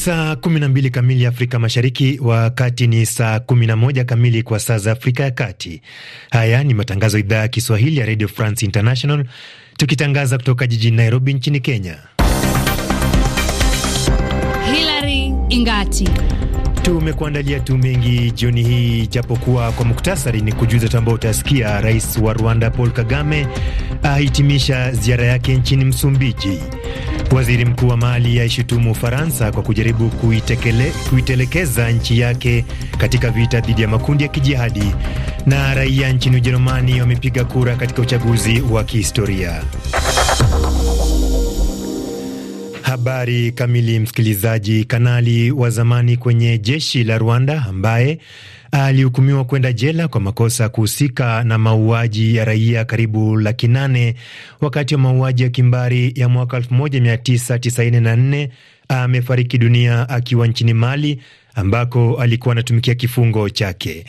saa 12 kamili Afrika Mashariki, wakati ni saa 11 kamili kwa saa za Afrika ya Kati. Haya ni matangazo ya idhaa ya Kiswahili ya Radio France International, tukitangaza kutoka jijini Nairobi nchini Kenya. Hilary Ingati Tumekuandalia tu mengi jioni hii, japokuwa kwa muktasari ni kujuza tu ambao utasikia. Rais wa Rwanda Paul Kagame ahitimisha ziara yake nchini Msumbiji. Waziri Mkuu wa Mali aishutumu Ufaransa kwa kujaribu kuitekele, kuitelekeza nchi yake katika vita dhidi ya makundi ya kijihadi. Na raia nchini Ujerumani wamepiga kura katika uchaguzi wa kihistoria. Habari kamili, msikilizaji. Kanali wa zamani kwenye jeshi la Rwanda ambaye alihukumiwa kwenda jela kwa makosa kuhusika na mauaji ya raia karibu laki nane wakati wa mauaji ya kimbari ya mwaka 1994. Amefariki dunia akiwa nchini Mali ambako alikuwa anatumikia kifungo chake.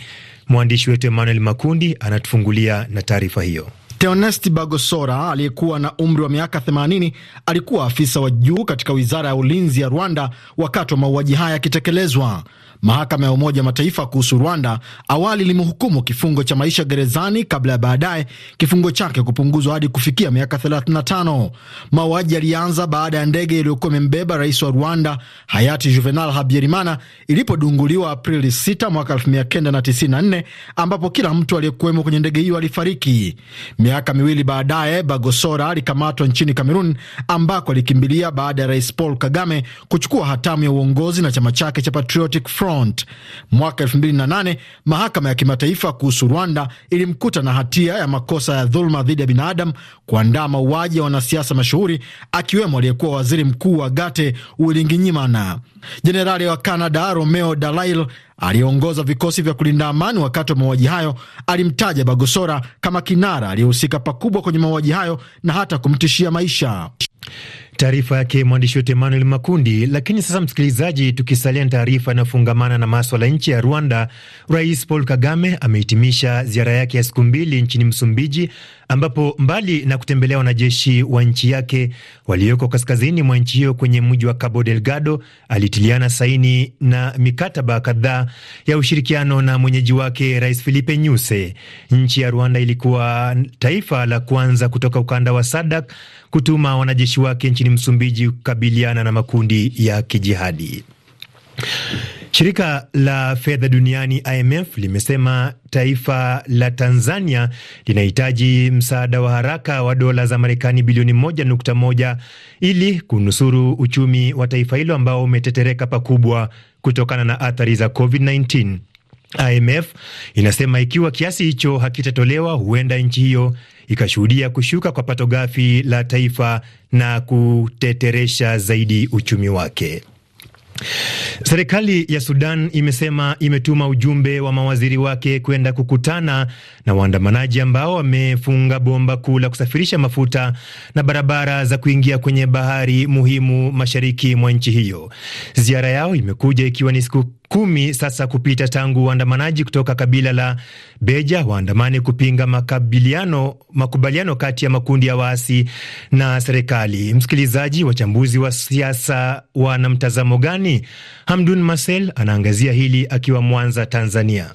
Mwandishi wetu Emmanuel Makundi anatufungulia na taarifa hiyo. teonesti Bagosora aliyekuwa na umri wa miaka 80 alikuwa afisa wa juu katika wizara ya ulinzi ya Rwanda wakati wa mauaji haya yakitekelezwa. Mahakama ya Umoja Mataifa kuhusu Rwanda awali limehukumu kifungo cha maisha gerezani kabla ya baadaye kifungo chake kupunguzwa hadi kufikia miaka 35. Mauaji yalianza baada ya ndege iliyokuwa imembeba rais wa Rwanda hayati Juvenal Habyarimana ilipodunguliwa Aprili 6 mwaka 1994, ambapo kila mtu aliyekuwemo kwenye ndege hiyo alifariki. Miaka miwili baadaye, Bagosora alikamatwa nchini Kamerun ambako alikimbilia baada ya rais Paul Kagame kuchukua hatamu ya uongozi na chama chake cha Patriotic Front. Front. Mwaka 2008 mahakama ya kimataifa kuhusu Rwanda ilimkuta na hatia ya makosa ya dhuluma dhidi ya binadamu, kuandaa mauaji ya wanasiasa mashuhuri akiwemo aliyekuwa waziri mkuu wa Gate Uwilinginyimana. Jenerali wa Canada Romeo Dalail aliyeongoza vikosi vya kulinda amani wakati wa mauaji hayo alimtaja Bagosora kama kinara aliyehusika pakubwa kwenye mauaji hayo na hata kumtishia maisha. Taarifa yake mwandishi wetu Emmanuel Makundi. Lakini sasa, msikilizaji, tukisalia na taarifa inayofungamana na maswala nchi ya Rwanda, Rais Paul Kagame amehitimisha ziara yake ya siku mbili nchini Msumbiji, ambapo mbali na kutembelea wanajeshi wa nchi yake walioko kaskazini mwa nchi hiyo kwenye mji wa Cabo Delgado, alitiliana saini na mikataba kadhaa ya ushirikiano na mwenyeji wake Rais Filipe Nyuse. Nchi ya Rwanda ilikuwa taifa la kwanza kutoka ukanda wa SADAK kutuma wanajeshi wake nchini Msumbiji kukabiliana na makundi ya kijihadi. Shirika la fedha duniani IMF limesema taifa la Tanzania linahitaji msaada wa haraka wa dola za Marekani bilioni 1.1 ili kunusuru uchumi wa taifa hilo ambao umetetereka pakubwa kutokana na athari za COVID-19. IMF inasema ikiwa kiasi hicho hakitatolewa huenda nchi hiyo ikashuhudia kushuka kwa pato ghafi la taifa na kuteteresha zaidi uchumi wake. Serikali ya Sudan imesema imetuma ujumbe wa mawaziri wake kwenda kukutana na waandamanaji ambao wamefunga bomba kuu la kusafirisha mafuta na barabara za kuingia kwenye bahari muhimu mashariki mwa nchi hiyo. Ziara yao imekuja ikiwa ni siku kumi sasa kupita tangu waandamanaji kutoka kabila la Beja waandamane kupinga makabiliano, makubaliano kati ya makundi ya waasi na serikali. Msikilizaji, wachambuzi wa siasa wana mtazamo gani? Hamdun Marcel anaangazia hili akiwa Mwanza, Tanzania.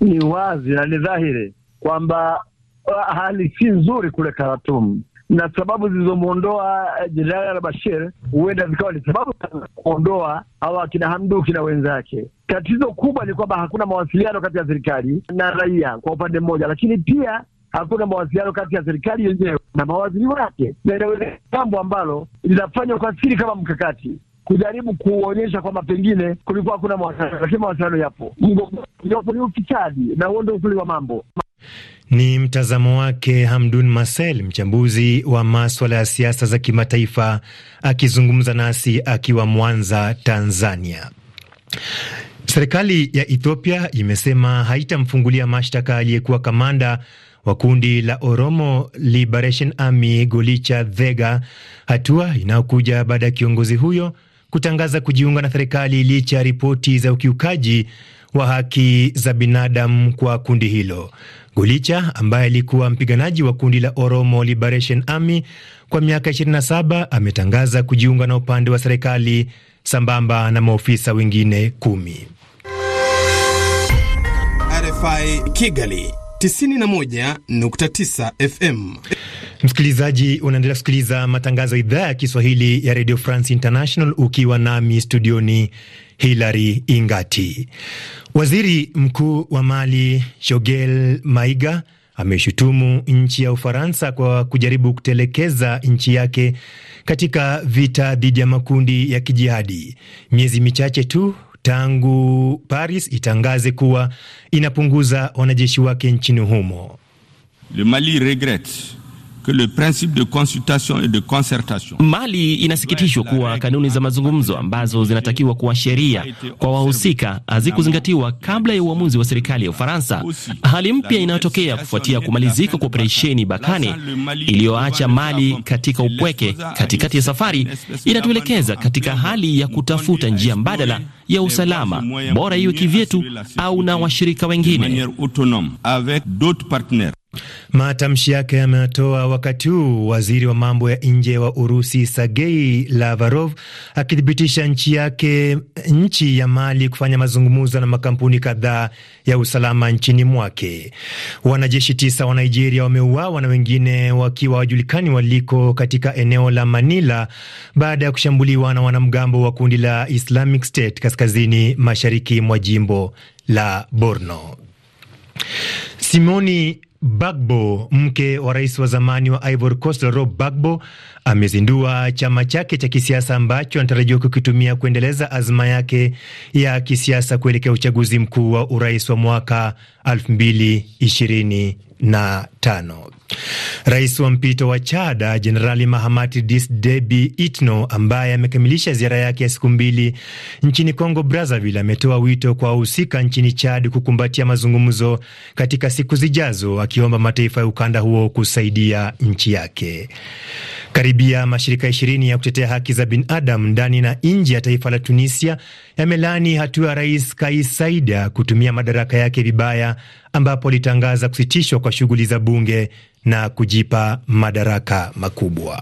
Ni wazi na ni dhahiri kwamba ah, hali si nzuri kule karatumu na sababu zilizomwondoa eh, Jenerali al-Bashir huenda zikawa ni sababu za kuondoa hawa akina Hamduki na wenzake. Tatizo kubwa ni kwamba hakuna mawasiliano kati ya serikali na raia kwa upande mmoja, lakini pia hakuna mawasiliano kati ya serikali yenyewe na mawaziri wake, na inawezekana jambo ambalo linafanywa kwa siri kama mkakati kujaribu kuonyesha kwamba pengine kulikuwa hakuna mawasiliano, lakini mawasiliano yapo. Mgogoro uliopo ni ufisadi na uondoufuli wa mambo ni mtazamo wake Hamdun Masel, mchambuzi wa maswala ya siasa za kimataifa, akizungumza nasi akiwa Mwanza, Tanzania. Serikali ya Ethiopia imesema haitamfungulia mashtaka aliyekuwa kamanda wa kundi la Oromo Liberation Army Golicha Vega, hatua inayokuja baada ya kiongozi huyo kutangaza kujiunga na serikali licha ya ripoti za ukiukaji wa haki za binadamu kwa kundi hilo. Gulicha ambaye alikuwa mpiganaji wa kundi la Oromo Liberation Army kwa miaka 27 ametangaza kujiunga na upande wa serikali sambamba na maofisa wengine kumi. RFI Kigali 91.9 FM. Msikilizaji, unaendelea kusikiliza matangazo ya idhaa ya Kiswahili ya Radio France International ukiwa nami studioni Hilary Ingati. Waziri Mkuu wa Mali jogel Maiga ameshutumu nchi ya Ufaransa kwa kujaribu kutelekeza nchi yake katika vita dhidi ya makundi ya kijihadi miezi michache tu tangu Paris itangaze kuwa inapunguza wanajeshi wake nchini humo. Le Mali regrette que le principe de consultation et de concertation. Mali inasikitishwa kuwa kanuni za mazungumzo ambazo zinatakiwa kuwa sheria kwa wahusika hazikuzingatiwa kabla ya uamuzi wa serikali ya Ufaransa, hali mpya inayotokea kufuatia kumalizika kwa operesheni Bakane iliyoacha Mali katika upweke katikati ya safari, inatuelekeza katika hali ya kutafuta njia mbadala ya usalama bora, iwe kivyetu au na washirika wengine. Matamshi yake yametoa wakati huu waziri wa mambo ya nje wa Urusi Sergei Lavarov akithibitisha nchi yake nchi ya Mali kufanya mazungumzo na makampuni kadhaa ya usalama nchini mwake. Wanajeshi tisa wa Nigeria wameuawa na wengine wakiwa wajulikani waliko katika eneo la Manila baada ya kushambuliwa na wanamgambo wa kundi la Islamic State kaskazini mashariki mwa jimbo la Borno. Simoni Bagbo, mke wa rais wa zamani wa Ivory Coast Laurent bagbo amezindua chama chake cha kisiasa ambacho anatarajiwa kukitumia kuendeleza azma yake ya kisiasa kuelekea uchaguzi mkuu wa urais wa mwaka 2025. Rais wa mpito wa Chada Jenerali Mahamati Dis Debi Itno, ambaye amekamilisha ziara yake ya siku mbili nchini Congo Brazzaville, ametoa wito kwa wahusika nchini Chad kukumbatia mazungumzo katika siku zijazo, akiomba mataifa ya ukanda huo kusaidia nchi yake. Karibia mashirika ishirini ya kutetea haki za binadamu ndani na nje ya taifa la Tunisia yamelaani hatua ya Rais Kais Saied kutumia madaraka yake vibaya, ambapo alitangaza kusitishwa kwa shughuli za bunge na kujipa madaraka makubwa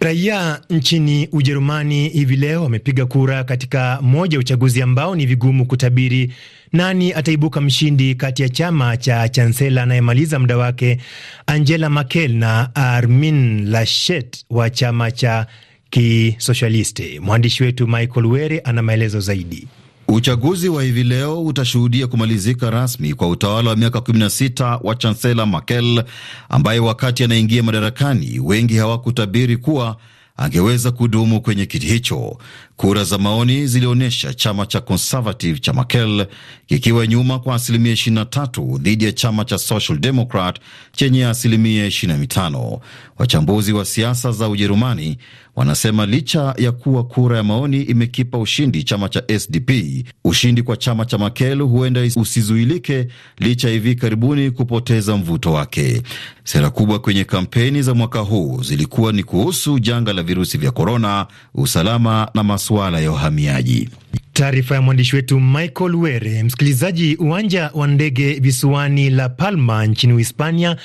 Raia nchini Ujerumani hivi leo wamepiga kura katika moja ya uchaguzi ambao ni vigumu kutabiri nani ataibuka mshindi kati ya chama cha chansela anayemaliza muda wake Angela Merkel na Armin Laschet wa chama cha kisosialisti. Mwandishi wetu Michael Were ana maelezo zaidi. Uchaguzi wa hivi leo utashuhudia kumalizika rasmi kwa utawala wa miaka 16 wa Chancela Merkel ambaye wakati anaingia madarakani wengi hawakutabiri kuwa angeweza kudumu kwenye kiti hicho. Kura za maoni zilionyesha chama cha Conservative cha Merkel kikiwa nyuma kwa asilimia 23 dhidi ya chama cha Social Democrat chenye asilimia 25. Wachambuzi wa siasa za Ujerumani wanasema licha ya kuwa kura ya maoni imekipa ushindi chama cha SDP, ushindi kwa chama cha Makelu huenda usizuilike licha hivi karibuni kupoteza mvuto wake. Sera kubwa kwenye kampeni za mwaka huu zilikuwa ni kuhusu janga la virusi vya korona, usalama na masuala ya uhamiaji. Taarifa ya mwandishi wetu Michael Were. Msikilizaji, uwanja wa ndege visiwani La Palma nchini Uhispania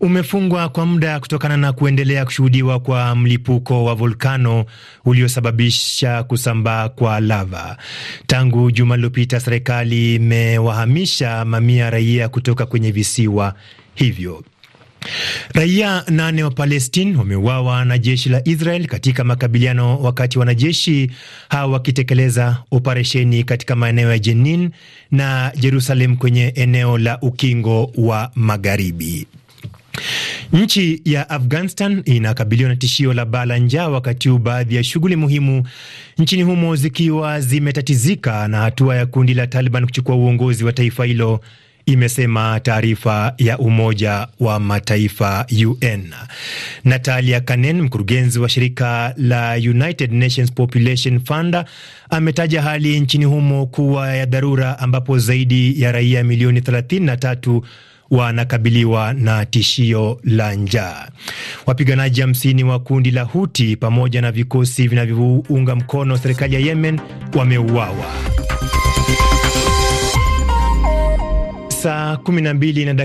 umefungwa kwa muda kutokana na kuendelea kushuhudiwa kwa mlipuko wa volkano uliosababisha kusambaa kwa lava. Tangu juma lililopita, serikali imewahamisha mamia raia kutoka kwenye visiwa hivyo. Raia nane wa Palestine wameuawa na jeshi la Israel katika makabiliano, wakati wanajeshi hawa wakitekeleza operesheni katika maeneo ya Jenin na Jerusalem kwenye eneo la ukingo wa Magharibi. Nchi ya Afghanistan inakabiliwa na tishio la baa la njaa, wakati huu baadhi ya shughuli muhimu nchini humo zikiwa zimetatizika na hatua ya kundi la Taliban kuchukua uongozi wa taifa hilo imesema taarifa ya Umoja wa Mataifa UN. Natalia Kanen, mkurugenzi wa shirika la United Nations Population Fund, ametaja hali nchini humo kuwa ya dharura, ambapo zaidi ya raia milioni 33 wanakabiliwa na tishio la njaa. Wapiganaji hamsini wa kundi la Huti pamoja na vikosi vinavyounga mkono serikali ya Yemen wameuawa. Saa 12 na